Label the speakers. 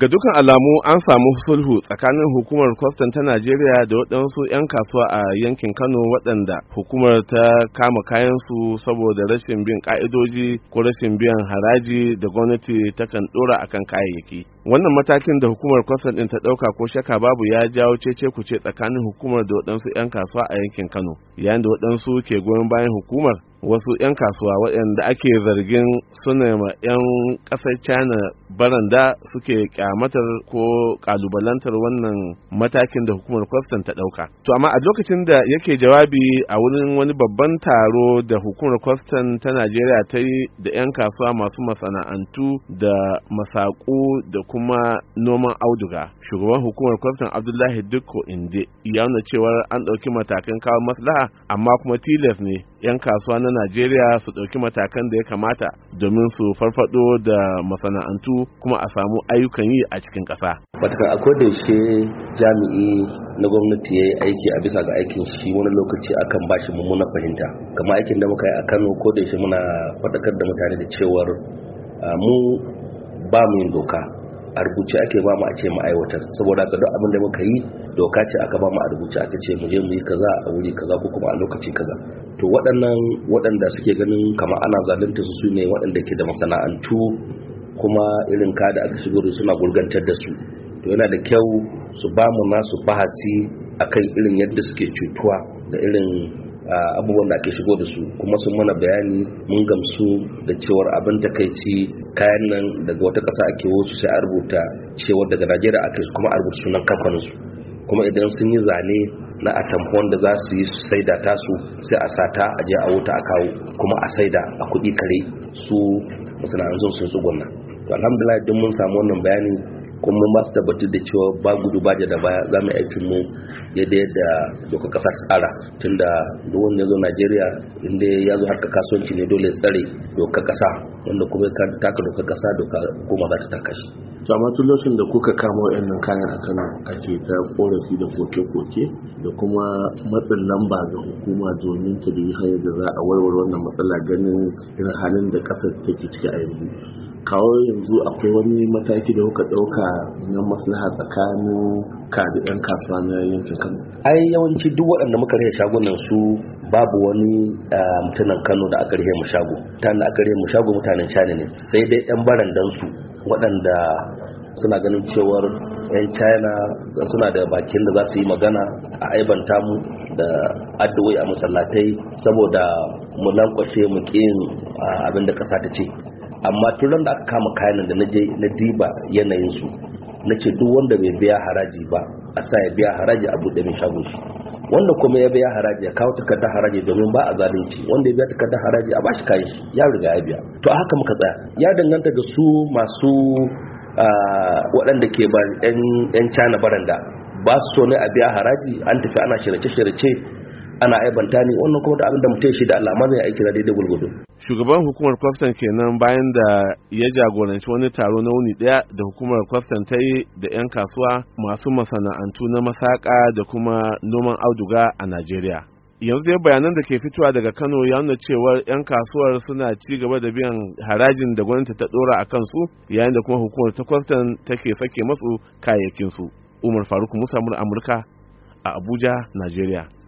Speaker 1: ga dukan alamu an samu sulhu tsakanin hukumar kwastan ta najeriya da waɗansu 'yan kasuwa a yankin kano waɗanda hukumar ta kama kayansu saboda rashin bin ƙa'idoji ko rashin biyan haraji da gwamnati takan ɗora akan kayayyaki wannan matakin da hukumar kwasar ɗin ta ɗauka ko shaka babu ya jawo cece kuce tsakanin hukumar da waɗansu 'yan kasuwa a yankin kano yayin da waɗansu ke goyon bayan hukumar wasu 'yan kasuwa waɗanda ake zargin suna ma 'yan ƙasar china baranda suke kyamatar ko kalubalantar wannan matakin da hukumar kwastan ta ɗauka to amma a lokacin da yake jawabi a wurin wani babban taro da hukumar kwastan ta najeriya ta yi da 'yan kasuwa masu masana'antu da masaku da kuma noman auduga shugaban hukumar kwastan abdullahi dukko inde ya nuna cewar an ɗauki matakan kawo maslaha amma kuma tilas ne 'yan kasuwa na najeriya su ɗauki matakan da ya kamata domin su farfado da masana'antu kuma a samu ayyukan yi a cikin ƙasa. matakan akwai da shi jami'i na gwamnati ya yi aiki a
Speaker 2: bisa ga aikin shi wani lokaci akan ba shi mummunan fahimta kamar aikin da muka yi a kano ko da shi muna faɗakar da mutane da cewar ah, mu ba mu yin doka a rubuce ake ba mu a ce ma'aiwatar saboda ga duk abin da muka yi doka ce aka ba mu a rubuce aka ce mu je mu yi kaza a wuri kaza ko kuma a lokaci kaza to waɗannan waɗanda suke ganin kamar ana zalunta su sune waɗanda ke da masana'antu kuma irin ka da aka shigo da suna gurgantar da su to yana da kyau su ba mu nasu bahati akan irin yadda suke cutuwa da irin abubuwan da ake shigo da su kuma sun mana bayani mun gamsu da cewar abin takaici kayan nan daga wata ƙasa ake wasu sai a rubuta cewar daga najeriya ake kuma a rubuta sunan kamfanin kuma idan sun yi zane na atamfa da za su yi su saida tasu sai a sata a je a wuta a kawo kuma a saida a kuɗi kare su masana'anzun sun tsugunna to alhamdulillah don mun samu wannan bayani kuma mun ba su tabbatar da cewa ba gudu ba da baya za mu aikin mu daidai yadda doka kasar ta tsara tunda duk wanda ya zo Najeriya inda ya zo harka kasuwanci ne dole tsare doka kasa wanda kuma ya taka doka kasa doka kuma za ta taka shi to amma tun lokacin da kuka kama wayannan kayan a Kano ake ta korafi da koke-koke da kuma matsin lamba ga hukuma domin ta yi hanyar da za a warware wannan matsala ganin irin halin da kasar take ciki a yanzu kawo yanzu akwai wani mataki da kuka ɗauka na maslaha tsakanin ka da 'yan kasuwa na yankin ai yawanci duk waɗanda muka rage shagunan su babu wani eh, mutanen kano da aka rage mu shago ta da aka rage mu shago mutanen china ne sai dai yan barandan su waɗanda suna ganin cewar yan china suna da bakin da za su yi magana a aibanta mu da addu'o'i a masallatai saboda mu lankwashe mu kin eh, abin da ƙasa ta ce amma tun da aka kama kayan da na diba yanayinsu na ce duk wanda bai biya haraji ba a sa ya biya haraji a buɗe mai shago shi wanda kuma ya biya haraji ya kawo takarda haraji domin ba a zalunci wanda ya biya takarda haraji a bashi kayan shi ya riga ya biya to a haka muka tsaya ya danganta da su masu waɗanda ke ba 'yan cana baranda ba su so ne a biya haraji an tafi ana shirace-shirace. ana aibanta ne wannan kuma da abin da mutum shi da Allah amma zai aiki da daidai gulgudu.
Speaker 1: shugaban hukumar kwastan kenan bayan da ya jagoranci wani taro na wuni daya da hukumar kwastan ta yi da yan kasuwa masu masana'antu na masaka da kuma noman auduga a Najeriya yanzu dai bayanan da ke fitowa daga kano ya nuna cewar 'yan kasuwar suna ci gaba da biyan harajin da gwamnati ta dora a kansu yayin da kuma hukumar ta kwastan take sake masu kayayyakinsu umar faruk musa amurka a abuja Najeriya.